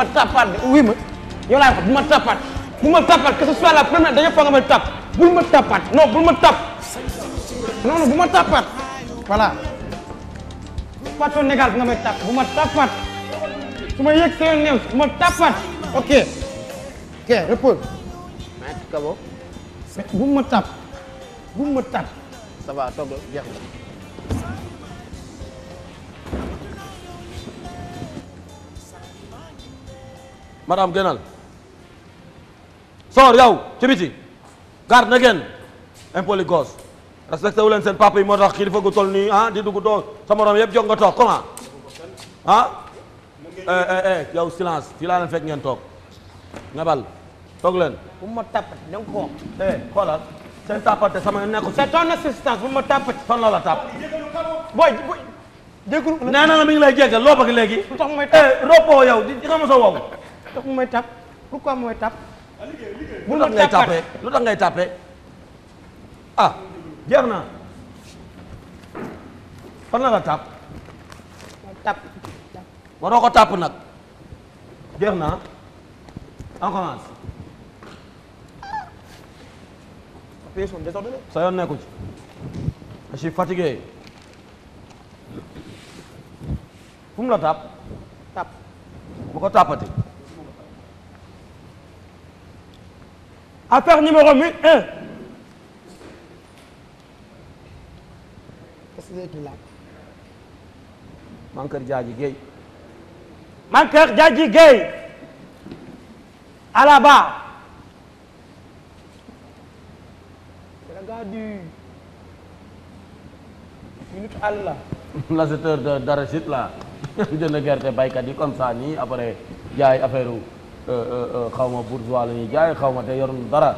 ma tappaat oui ma yow laa wax bu ma tappaat bu ma tappaat que ce soit la première dañoo foog nga ma tapp bul ma tappaat non bul ma non non bu ma tappaat voilà patron négal bi nga may tapp bu ma tappaat su ma yëg seen néew bu ma tappaat ok ok repose maître Kabo bu ma tapp bu ma tapp ça va toog jeex madame gënal soor yow ci biti garde na génn impoli goos respecté leen seen papa yi moo tax kilifa gu tol nii ah di dugg doo sa morom yëpp jóg nga toog comment ah eh, eh, eh, yow silence fii laa leen fekk ngeen toog nga bal toog leen ma tàppati da nga ko xoolal seen tàppate sama nekku c'est ton assistance bu ma tàppati fan la la tàpp booy jégalu nee na la mi lay jégal loo bëgg léegi lu tax mooy di xama sa wow tax mu may tàpp pourquoi mooy tàpp. bu ma ngay tàppee lu tax ngay tàppee ah jeex na fan la la tàpp. tàpp waroo ko tàpp nag jeex na on commence. sa yoon nekku ci je suis fatigué fu mu la tàpp tàpp bu ko tàppati affaire numéro 1 Mankeur Diadji Mankeur Diadji à la barre c'est le gars du minute àll là l'acheteur de d'arachide là jënd gerte baykat yi comme ça nii après jaay affaire xaw ma bourgeois la ñuy jaay xaw ma te yoruñu dara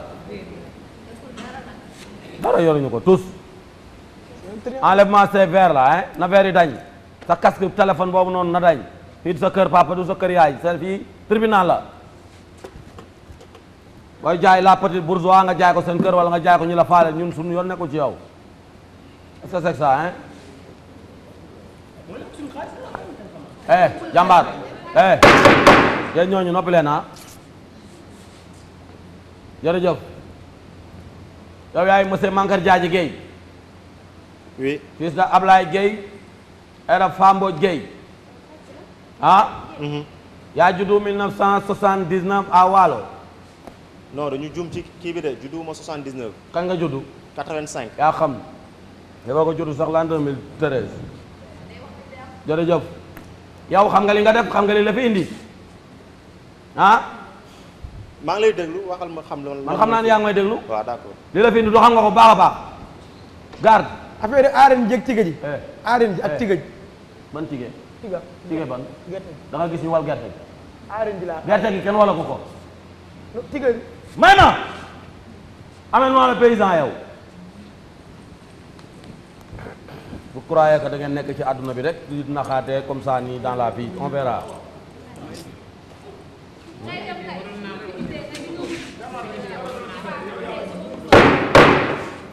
dara yoruñu ko tous enlèvement sévère la hein na veer dañ sa casque téléphone boobu noonu na dañ fii sa kër papa du sa kër yaay seen fii tribunal la booy jaay la petite bourgeois nga jaay ko seen kër wala nga jaay ko ñu la faale ñun suñu yoon nekkul ci yow est-ce que c'est ça eh yéen ñooñu noppi leen ah jërëjëf yow yaay monsieur Mankar Diadji Guèye oui fils de Ablaye Guèye era Fambo Guèye ah mhm. yaa juddu 1979 à Waalo non dañu jum ci kii bi de juddu ma 79 kan nga juddu yaa xam dafa ko juddu sax l'an 2013 jërëjëf yow xam nga li nga def xam nga li la fi indi ah. maa ngi lay déglu waxal ma xam loolu. man xam naa ne yaa ngi may déglu. waaw d'accord li la fi indi du xam nga ko baax baax. garde affaire aaren eh. ji ak eh. tigga ji. aaren ak tigga ji. man tigge. tigga tigge ban. gerte da nga wal gerte gi. aaren ji laa gerte gi kenn wala ko ko. tigga ji. may na. amee noonu la paysan yow. vous croyez que da nekk ci àdduna bi rek di naxaatee comme ça nii dans la vie on verra.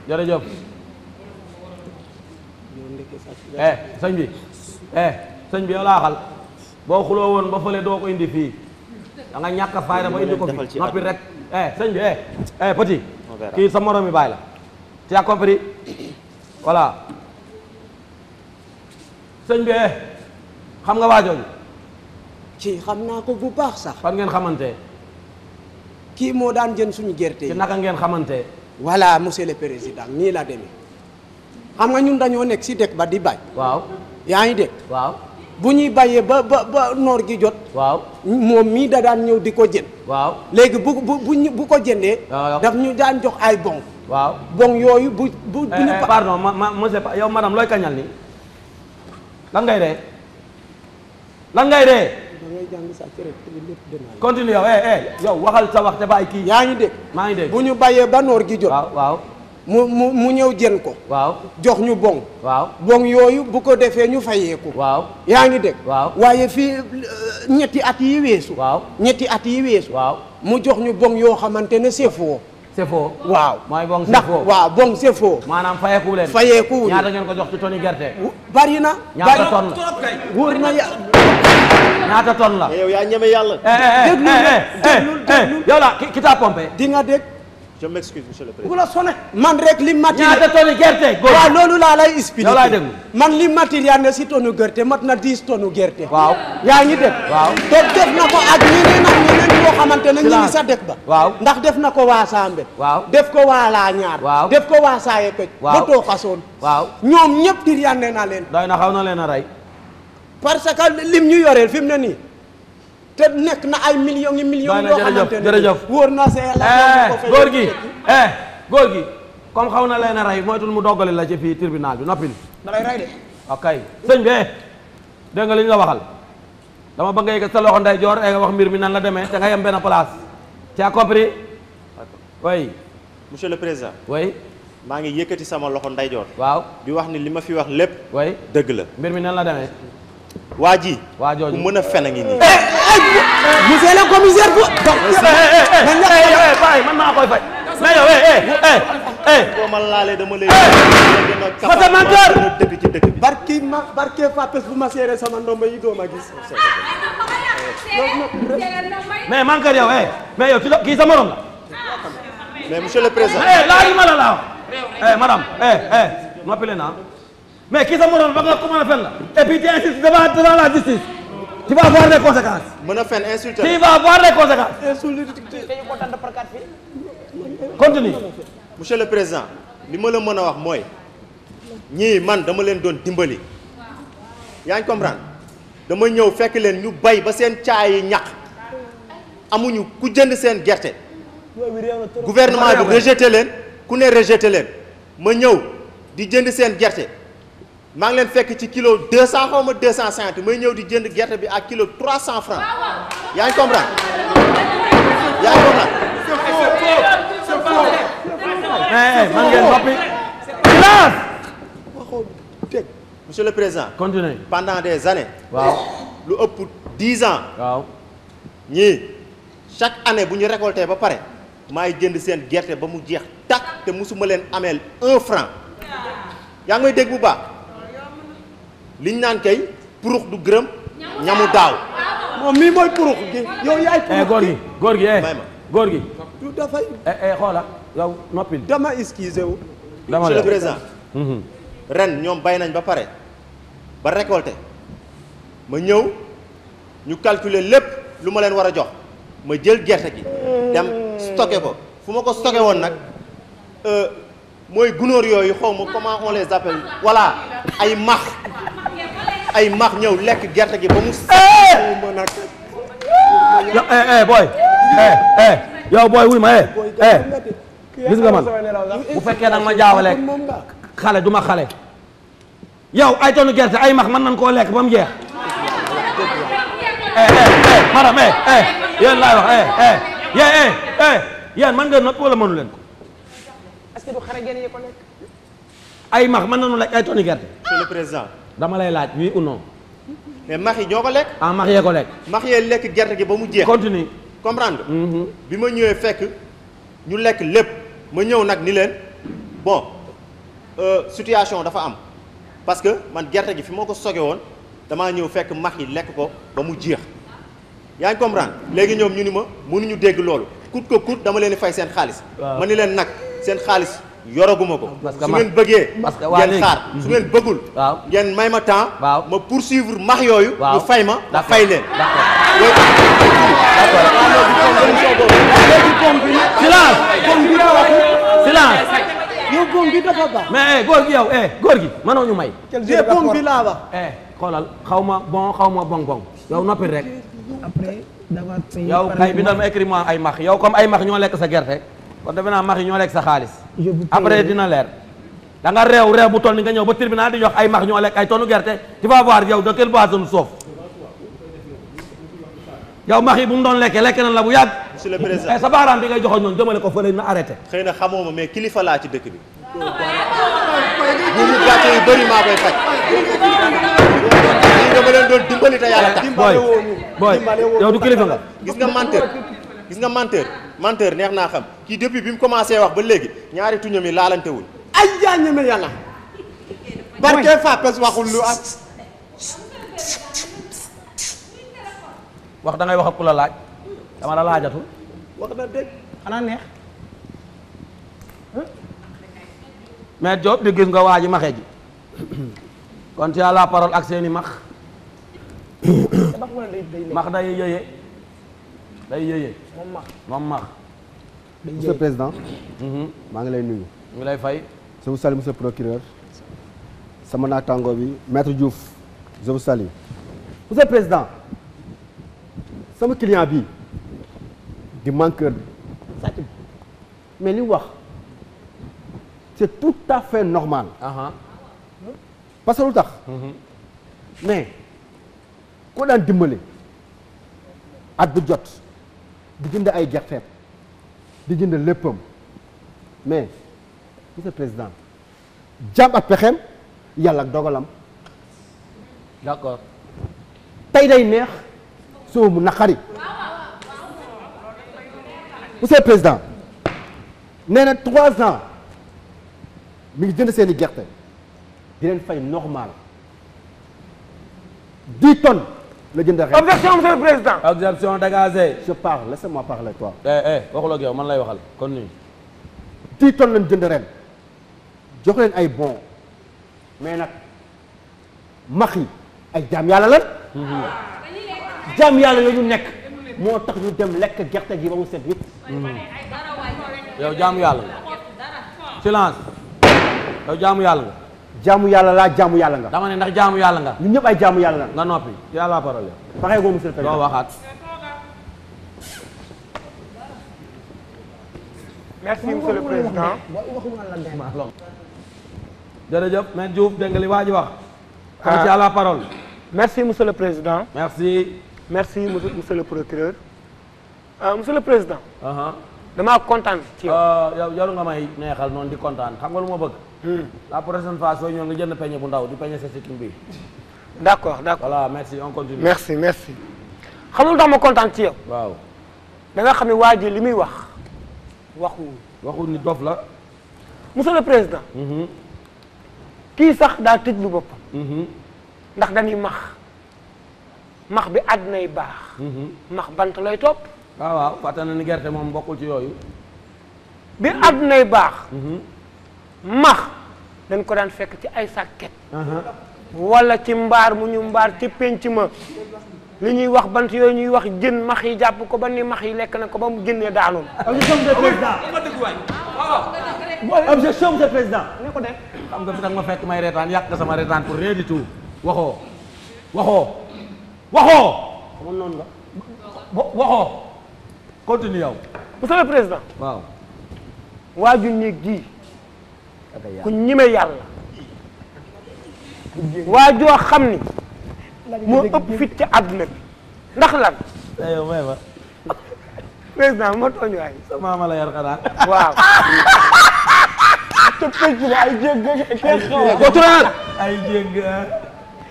jërëjëf. eh sëñ bi eh sëñ bi yow xal boo xuloo woon ba fële doo ko indi fii da nga ñàkk a fayda ba indi ko fi rek eh sëñ bi eh eh petit kii sa morom bàyyi la tu as compris voilà. sëñ bi xam nga waajo waajooju ci xam naa ko bu baax sax fan ngeen xamante kii moo daan jën suñu gerte yi ci naka ngeen xamante voilà monsieur le président nii la demee xam nga ñun dañoo nekk si dëkk ba di bay waaw yaa ngi dégg waaw bu ñuy bañee ba ba ba noor gi jot. waaw moom mii da daan ñëw di ko jën. waaw léegi bu bu bu ko jëndee. daf ñu daan jox ay bon. waaw bon yooyu bu bu. bu eh, ñu eh, pardon ma ma monsieur yow looy kañal ni lan ngay de lan ngay dee. da ngay jàng sa cër lépp continue yow eh eh yow waxal sa wax te bàyyi kii. yaa ngi dégg maa ngi dégg bu ñu bàyyee ba noor gi jot. waaw waaw. mu mu ñëw jën ko. waaw jox ñu bon. waaw bon yooyu bu ko defee ñu fayeeku. waaw yaa ngi dégg. waaw waaye fii euh, ñetti at yi weesu. waaw ñetti at yi weesu. waaw mu jox ñu bon yoo xamante ne seefoo. c'est faux waaw mooy bon c'est faux waaw bon c'est faux maanaam fayeeku leen fayeeku wu ñaata ngeen ko jox ci toni gerte bari na ñaata ton la wóor na ñaata ton la yow yaa ñeme yàlla déglu déglu déglu yow la ki t'a pompé di nga man rek li matériel ñaata tonne gerte. góor waaw loolu laa lay expliqué. laa déglu man li matériel ne si tonne gerte mat na 10 tonnes gerte. waaw yaa ngi dégg. waaw te na ko ak ñi koo xamante ne ñu ngi sa dëkk ba waaw ndax def na ko waa Sambe waaw def ko waa laa ñaar waaw def ko waa saaye pëj ba too xasoon waaw ñoom ñëpp tiryande na leen doy na xaw na leen a rey parce que lim ñu yoreel fi mu ne nii te nekk na ay million yi millions yoo xamante ne jërëjëf wóor na see la eh, góor gi eh comme xaw na leen a mooy moytul mu doggali la ci fii tribunal bi noppil da lay bi eh, dégg nga li la waxal dama ba nga yëkkat sa loxo ndeyjoor ay nga wax mbir mi nan la demee te nga yem benn place tu as compris monsieur le président oui maa ngi yëkkati sama loxo ndeyjoor waaw di wax ni li ma fi wax lépp oui dëgg la mbir mi nan la demee waa ji waa jooju ku mën a fen a ngi nii monsieur le commissaire man maa koy faj mais yow boo ma laalee dama lay. Massa Mansour dëkk ci dëkk yi doo ma gis. mais Mansour yow eh mais yow kii morom la. mais monsieur le président. eh laaj ma la laaw. eh madame kii sa morom ba nga comment faire la. et puis tu insistes devant devant la justice. tu vas avoir des conséquences. mën a fen insulté. tu vas avoir des conséquences. insulté. continue. monsieur le président li ma la mën a wax mooy ñii man dama leen doon dimbali yaa ngi comprendre dama ñëw fekk leen ñu bay ba seen caayi ñax amuñu ku jënd seen gerte gouvernement bi rejeté leen ku ne régetté leen ma ñëw di jënd seen gerte maa ngi leen fekk ci kilo deux cent xaw ma deux cent cinquante ñëw di jënd gerte bi ak kilo trois cent francs yaa ngi comprendre yaa ngi comprendre Eh, eh, man ngeen noppi. silence. waxoo teg monsieur le président. continuez pendant des années. waaw lu ëpp dix ans. waaw ñii chaque année bu ñu récolté ba pare maay jënd seen gerte ba mu jeex tàkk te musuma leen ameel un franc. yaa ngi may dégg bu baax liñ naan kay purux du gërëm ñamu daaw. moom mii mooy purux gi yow yaay. purux eh, gi góor gi góor gi góor gi. du dafay yow noppil dama excusé wu. dama monsieur le président. Mhm. ren ñoom bay nañ ba pare ba récolté ma ñëw ñu calculer lépp lu ma leen war a jox ma jël gerte gi dem stocké ko fu ma ko stocké woon nag euh, mooy gunóor yooyu xaw ma comment on les appelle voilà ay max ay max ñëw lekk gerte gi ba mu. ma yow eh eh, eh booy. Eh, eh. yow booy wuy ma eh gis nga man bu fekkee nag ma jaawale xale du ma xale yow ay tonu gerte ay max man nañ koo lekk ba mu jeex eh, eh, eh, madam eh eh yéen laay wala mënu leen ko que du xare ay max man nañu lekk ay toni gerte président dama lay laaj oui ou non mais max yi ñoo ko lekk ah, max yee lekk max gerte gi ba mu jeex continue mm-hmm. bi ma ñëwee fekk ñu lekk lépp ma ñëw nag ni leen bon euh, situation dafa am parce que man gerte gi fi moo ko soge woon damaa ñëw fekk max yi lekk ko ba mu jeex yaa ngi comprendre léegi ñoom ñu ni ma mënuñu dégg loolu kut ko kut dama leen di fay seen xaalis ma ni leen nag seen xaalis yoraguma ko su ngeen bëggee ngeen xaar su ngeen bëggul ngeen may ma temps ma poursuivre max yooyu ñu fay ma ma fay leen yow góor gi dafa baax. mais yow eh, góor gi mënoo ñu may. jël góor bi laa wax. Eh, eh, xoolal xaw ma xaw ma bon bon yow noppi rek. après yow kay bindal ma écrit ay max yow comme ay max ñoo lekk sa gerte. kon defe naa max yi ñoo lekk sa xaalis. après dina leer. da nga réew réew bu toll ni nga ñëw ba tribunal di jox ay max ñoo lekk ay tonu gerte. tu vas voir yow de quelle boisson sauf. yow max yi bu mu doon lekkee lekk na la bu yàgg. monsieur le président eh, sa baaraam bi ngay joxoon ñoom jëmale ko fële na arrêté. xëy na xamoo ma mais kilifa laa ci dëkk bi. bu mu gàcce yu bëri maa koy nga. gis nga menteur gis nga menteur menteur neex naa xam kii depuis bi mu commencé wax ba léegi ñaari tuñam yi laalante ay yaa ñeme yàlla. barke Fapes waxul lu am. wax da ngay wax ak laaj dama la laajatul. wax mais Diop di gis nga waa ji maxe ji kon ci la parole ak seeni max. max day yëyee day yëyee. moom max moom max. président. Mhm. maa ngi lay nuyu. ngi lay fay. je vous salue monsieur procureur. sama naataango bi maître Diouf je président. sama client bi di manqueur bi bi mais li wax c'est tout à fait normal. parce que lu tax. Mhm. mais koo daan dimbale at bu jot di jënd ay gerteem di jënd léppam mais monsieur président jàmm ak pexeem yàlla ak dogalam. tey day neex. soo mu naqari monsieur président nee na trois ans mi ngi jënd seeni gerte di leen fay normal dix ton la jënd rek. objection monsieur le président. objection dégagé. je parle laisse-moi parler toi. eh eh waxuloo ak yow man lay waxal kon nii. dix tonnes lañ jënd ren jox leen ay bon mais nag max yi ay jaam yàlla jaam yàlla la ñu nekk moo tax ñu dem lekk gerte gi ba mu set wit yow jaamu yàlla nga silence yàlla laa jaamu yàlla nga dama ne ndax jaamu yàlla nga ñun ñëpp ay jaamu yàlla la nga noppi yàlla parole paxee goo monsieur le président doo waxaat merci monsieur le président ah. merci merci monsieur le procureur euh, monsieur le président. damaa kontaan ci yow. Euh, yow yow nga may neexal noonu di kontaan xam nga lu ma bëgg. Hmm. la prochaine fois soo ñëw nga jënd peñe bu ndaw di peñe sa sikkim bi. d' accord d' merci on continue. merci merci. xam nga lu ma kontaan ci yow. waaw. xam ne waa ji li muy wax waxu. waxu ni dof la. monsieur le président. Mhm. kii sax daa tëj lu boppam. Mhm. ndax dañuy max. max bi àddinay baax mhm. max bant lay topp waaw waaw fàtte ni gerte moom bokkul ci yooyu bi àddinay baax mhm. max dañ ko daan fekk ci ay sàkket wala ci mbaar mu ñu mbaar ci pénc ma li ñuy wax bant yooyu ñuy wax jën max yi jàpp ko ba ni max yi lekk na ko ba mu génnee daanu objection de président objection de président ne ko def xam nga fi tax ma fekk may reetaan yàq nga sama reetaan pour rien tout waxoo waxoo waxoo. amoon noonu nga. waxoo. continue président. waaju néeg gii. ku ñime yàlla. waajoo xam ni. moo ëpp fit ci àdduna bi. ndax lan. Eh, président ma tooñ waay. sama ma yar xanaa. waaw. te pecc ba ay jégg ay jégg. ay jégg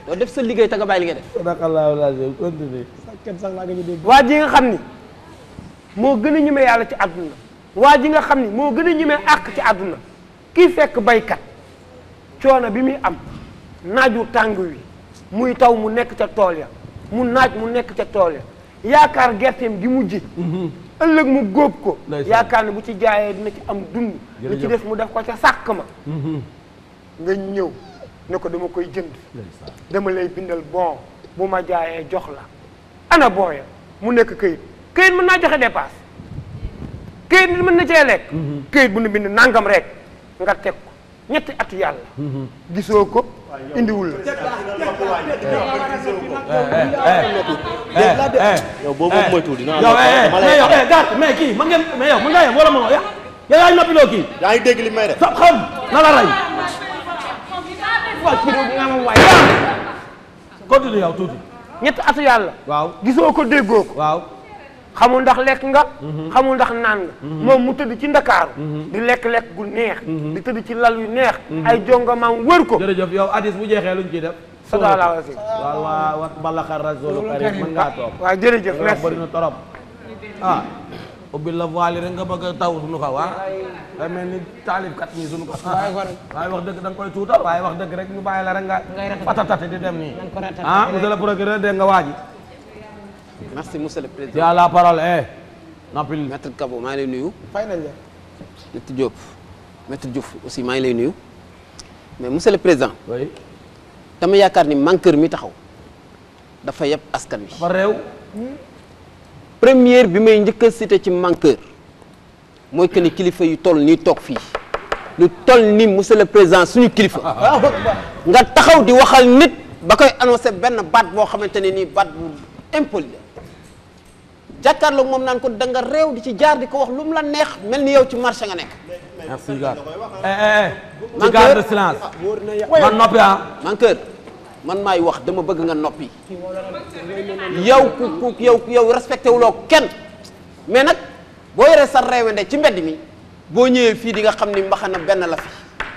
doo def sa liggéey te nga bàyyi li nga def. sadaqallaahu l-aziim continue. sax waa ji nga xam ni moo gën a ñemee yàlla ci àdduna waa ji nga xam ni moo gën a ñemee àq ci àdduna kii fekk baykat coono bi muy am naaju tàng wi muy taw mu nekk ca tool ya mu naaj mu nekk ca tool ya yaakaar gerteem gi mu ji. Mm-hmm. ëllëg mu góob ko. yaakaar ne bu ci jaayee dina ci am dund. li ci def mu def ko ca sàkk ma. Mm-hmm. nga ñëw. ne dama koy jënd dama lay bindal bon bu ma jaayee jox la ana booya mu nekk këyit këyit mën naa joxe dépasse këyit nit mën na cee lekk mhm. këyit bu nu bind nangam rek nga teg ñetti atu yàlla mhm. gisoo ko indiwul la eh, eh, eh, yow boobu moytu dina yow mais kii ma nga yem wala ma yàq yow yaay ngi dégg li may def sa xam na la rey xool ci réew mi nga xam atu yàlla. waaw gisoo ko déggoo ko. waaw xamul ndax lekk nga. Mhm. xamul ndax naan nga. Mhm. moom mu tëdd ci ndakaaru mhm. di lekk lekk gu neex. di tëdd ci lal yu neex. ay jongamaam wër ko. jërëjëf yow addis bu jeexee luñ ciy def. salaamaaleykum si waaw waaw wax Mballa Khara Zolo Karim mën ngaa toog. ubbi la voile rek nga bëgg a taw suñu kaw ah. day mel ni taalibkat ñi suñu kaw. waaye wax dëgg da nga koy tuutal waaye wax dëgg rek mu bàyyi la rek nga. ngay patatate di dem nii. ah monsieur le procureur waa ji. merci monsieur le président. yàlla la parole eh. noppil maître Kabo maa ngi lay nuyu. fay nañ la. maître Diop aussi maa ngi lay nuyu. mais monsieur le président. oui. dama yaakaar ni Mankeur mi taxaw. dafa yeb askan wi. ba réew. Hmm? première bi may njëkk a ci manqueur mooy que ni kilifa yu toll nii toog fii lu toll ni monsieur président suñu kilifa nga taxaw di waxal nit ba koy annoncé benn baat boo xamante ne nii baat bu impoli la moom naan ko da nga di ci jaar di ko wax lu mu la neex mel ni yow ci marché nga nekk. merci gars. eh, eh, eh. Ah, man noppi ah. man maay wax dama bëgg nga noppi yow ku ku yow yow respecté kenn mais nag boo yoree sa réewande ci mbedd mi boo ñëwee fii di nga xam ni mbaxana benn la fi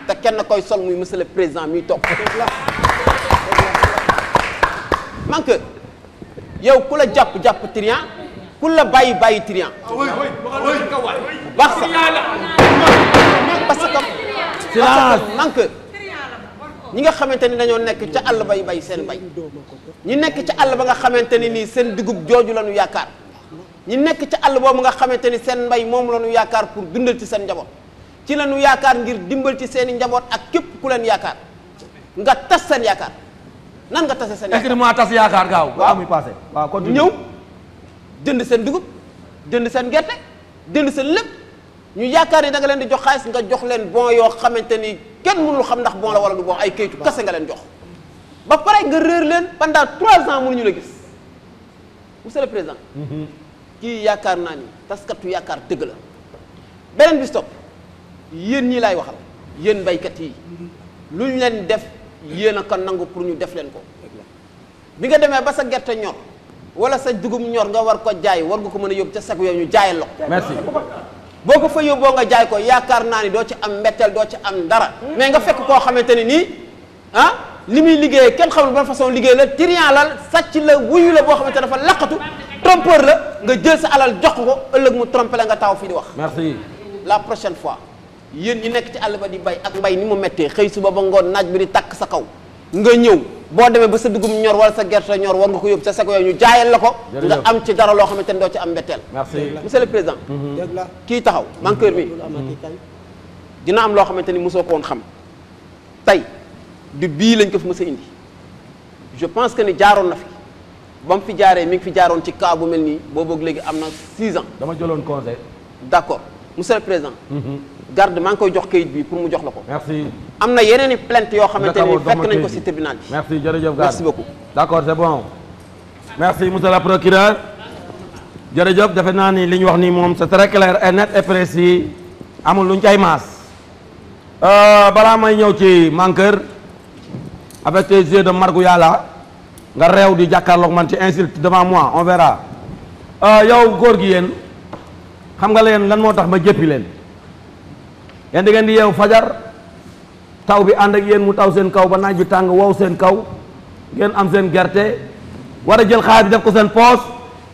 te kenn koy sol muy monsieur président muy toog man que yow ku la jàpp jàpp trian ku la bàyyi bàyyi trian baax sax man que ñi nga xamante ni dañoo nekk ca àll bay bay seen bay ñi nekk ca àll ba nga xamante ni nii seen dugub jooju lañu yaakaar ñi nekk ca àll boobu nga xamante ni seen mbay moom la ñu yaakaar pour dundal ci seen njaboot ci la ñu yaakaar ngir dimbal ci seen i njaboot ak képp ku leen yaakaar nga tas seen yaakaar nan nga tase seen. yaakaar est tas yaakaar gaaw. waaw muy passé waaw continue ñëw jënd seen dugub jënd seen gerte jënd seen lépp ñu yaakaar ni da leen di jox xaalis nga jox leen bon yoo xamante ni. kenn mënul xam ndax bon la wala du bon ay kayitu kase nga leen jox ba pare nga réer leen pendant trois ans ñu la gis monsieur le président mhm. kii yaakaar naa ni taskatu yaakaar tëgg la beneen bi stop yéen ñii laay waxal yéen baykat yi lu ñu leen def yéen a ko nangu pour ñu def leen ko bi nga demee ba sa gerte ñor wala sa dugub ñor nga war ko jaay war nga ko mën a yóbbu ca sag yooyu ñu jaayal la boo ko fa yóbboo nga jaay ko yaakaar naa ni doo ci am mbetteel doo ci am dara hmm. mais nga fekk koo xamante ni nii ah li muy liggéey kenn xamul ban façon liggéey la trian la sàcc la wuyu la boo xamante dafa laqatu trompeur la nga jël sa alal jox ko ëllëg mu trompé nga taw fii di wax merci la prochaine fois yéen yi nekk ci àll ba di bay ak mbay ni mu méttee xëy suba ba ngoon naaj bi di takk sa kaw nga ñëw boo demee ba sa dugub ñor wala sa gerte ñor war nga ko yóbbu sa seko yooyu ñu jaayal la ko nga am ci dara loo xamante ne doo ci am mbetteel monsieur le président mhm. mhm. kii taxaw banqueur mi mhm. dina am loo xamante ni mosoo ko woon xam tey du bii lañ ko fi mos a indi je pense que ni jaaroon na fi ba mu fi jaaree mi ngi fi jaaroon ci cas bu mel nii boo boog léegi am na 6 ans dama jëloon conseil d' accord monsieur le président garde maa ngi koy jox kayit bi pour mu jox la ko. merci am na yeneen i plainte yoo xamante ni fekk nañ ko ci tribunal bi. merci jërëjëf garde merci beaucoup. d'accord c'est bon. merci monsieur le procureur. jërëjëf defe naa ni li ñu wax nii moom c'est très clair et net et précis amul lu ñu cay maas. Euh, balaa may ñëw ci Mankeur avec de margu yàlla nga réew di jàkkaarloog man ci insulte devant moi on verra euh, yow góor gi yéen xam nga leen lan moo tax ma jéppi leen. yéen da di yeew fajar taw bi ànd ak yéen mu taw seen kaw ba naaj bi tàng wow seen kaw ngeen am seen gerte war a jël xaalis bi def ko seen poos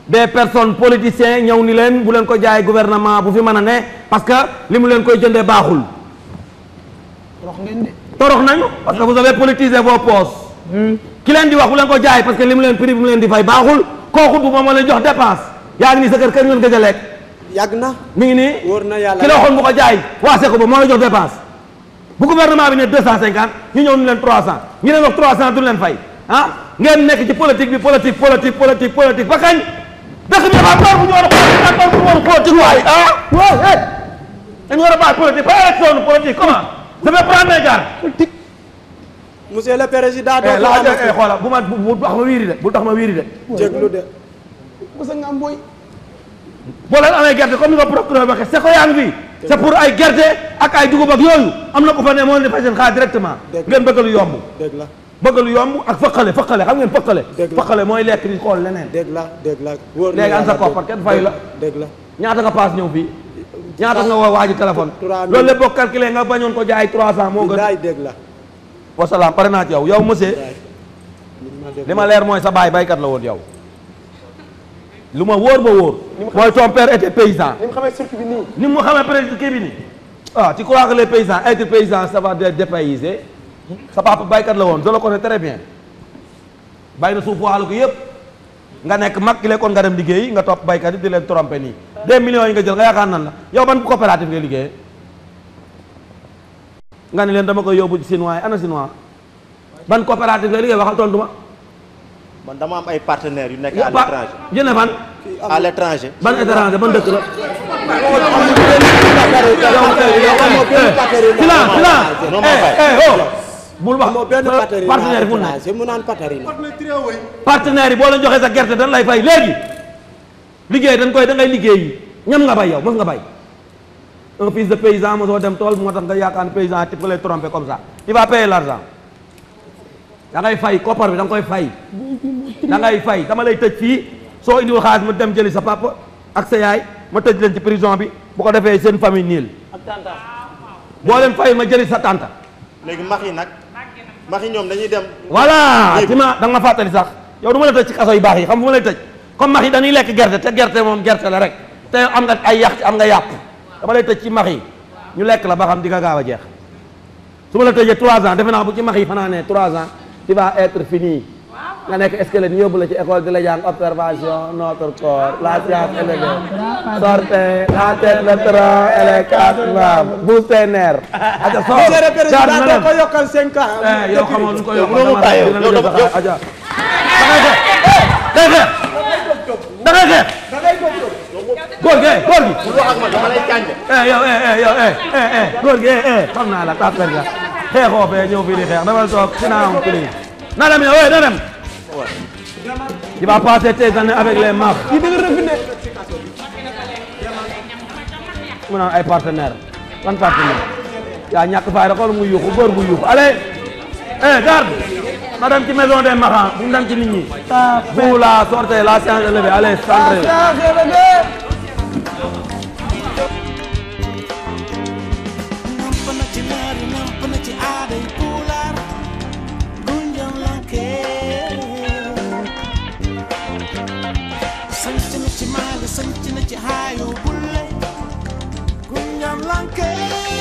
des personnes politiciens ñëw ni leen bu leen ko jaay gouvernement bu fi mën a ne parce que li mu leen koy jënde baaxul. torox ngeen de. torox nañu parce que vous avez politisé vos poches. Hmm. ki leen di wax bu leen ko jaay parce que li mu leen prix mu leen di fay baaxul kooku du moom leen jox dépense yaa ngi ni sa kër kër ngeen a lekk yàgg na mi ngi nii. wóor na yàlla ki la waxoon bu ko jaay waase moo la jox dépense bu gouvernement bi ne deux cent cinquante ñu ñëw ñu leen trois cent ñu leen wax leen fay ah ngeen nekk ci politique bi politique politique politique politique ba kañ dëkk bi dafa am door bu ñu war a xool door bu ñu comment bu ma ma wiiri de bu tax ma wiiri de boo leen amee gerte comme ni ko procureur waxee seko yaa ngi fi c'est pour ay gerte ak ay dugub ak yooyu am na ko fa ne moo leen di fay seen xaar directement ngeen bëgg lu yomb dëgg la bëgg lu yomb ak fëqale fëqale xam ngeen fëqale fëqale mooy lekk di xool leneen dëgg la dëgg la léegi am sa koppar kenn fay la dëgg la ñaata nga paas ñëw fii ñaata nga woo waaji téléphone loolu lépp boo calculé nga bañoon ko jaay 300 moo gën dëgg la wasalaam pare naa ci yow yow monsieur li ma leer mooy sa baay baykat la woon yow lu ma wóor ba wóor. mooy ton père paysan. ni mu xamee circuit bi nii. ni mu xamee presque kii bi nii. ah tu crois que les paysans être paysan ça va dépayser sa papa baykat la woon je le connais très bien bàyyi na suuf waxalu ko yëpp nga nekk mag ki lekkoon nga dem liggéey nga topp baykat yi di leen tromper nii. des millions yi nga jël nga yaakaar nan la yow ban coopérative ngay liggéeyee nga ne leen dama koy yóbbu ci chinois yi ana chinois ban coopérative ngay liggéey ma. man dama am ay partenaires yu nekk à l'étranger. ñu ne fan. à l'étranger. ban étranger ban dëkk la. Eh, eh, oh. bul wax partenaire yi mun naan partenaire yi boo leen joxee sa gerte dan lay fay léegi liggéey dañ koy da ngay liggéey yi nga bay yow mos nga bay un fils de paysan mosoo dem tool moo tax nga yaakaar ne paysan type nga lay tromper comme ça il va payer l'argent da fay koppar bi da koy fay da ngay fay dama lay tëj fii soo indiwul xaalis mu dem jëli sa papa ak sa yaay ma tëj leen ci prison bi bu ko defee seen famille niil boo leen fay ma jëli sa tànta léegi max yi nag max yi ñoom dañuy dem voilà ci ma da nga ma fàttali sax yow du ma la tëj ci kaso yu baax yi xam fu ma lay tëj comme max yi dañuy lekk gerte te gerte moom gerte la rek te am nga ay am nga yàpp dama lay tëj ci max yi ñu lekk la ba xam di nga gaaw a jeex su ma la tëjee 3 ans defe naa bu ci max yi fanaanee 3 ans tu vas nga nekk squelette ñu yóbbu la ci école di la jàng observation notre corps la science élevée sortez la tête le tronc et les quatre membres boostez nerf. Ah, aja soor soor na leen ko yokkal cinq ans. Eh, yow xamoo nu ko yokkal dama dina la jox aja. da ngay xeex da ngay xeex. góor gi eh, góor gi. Eh, yow yow góor gi xam naa la tàppel nga xeexoo fee ñëw fii di xeex dama toog si naa am na dem yow na dem. Tu vas passer tes années avec les maf. yi da nga mu naan ay partenaire lan partenaire yaa ñàkk fay rek xool mu yuuxu góor bu yuuxu allez. eh garde. na dem ci maison des bu mu dem ci nit ñi. vous la sortez la séance est levée allez centrez. ci xaayu bulle ku ñam lanke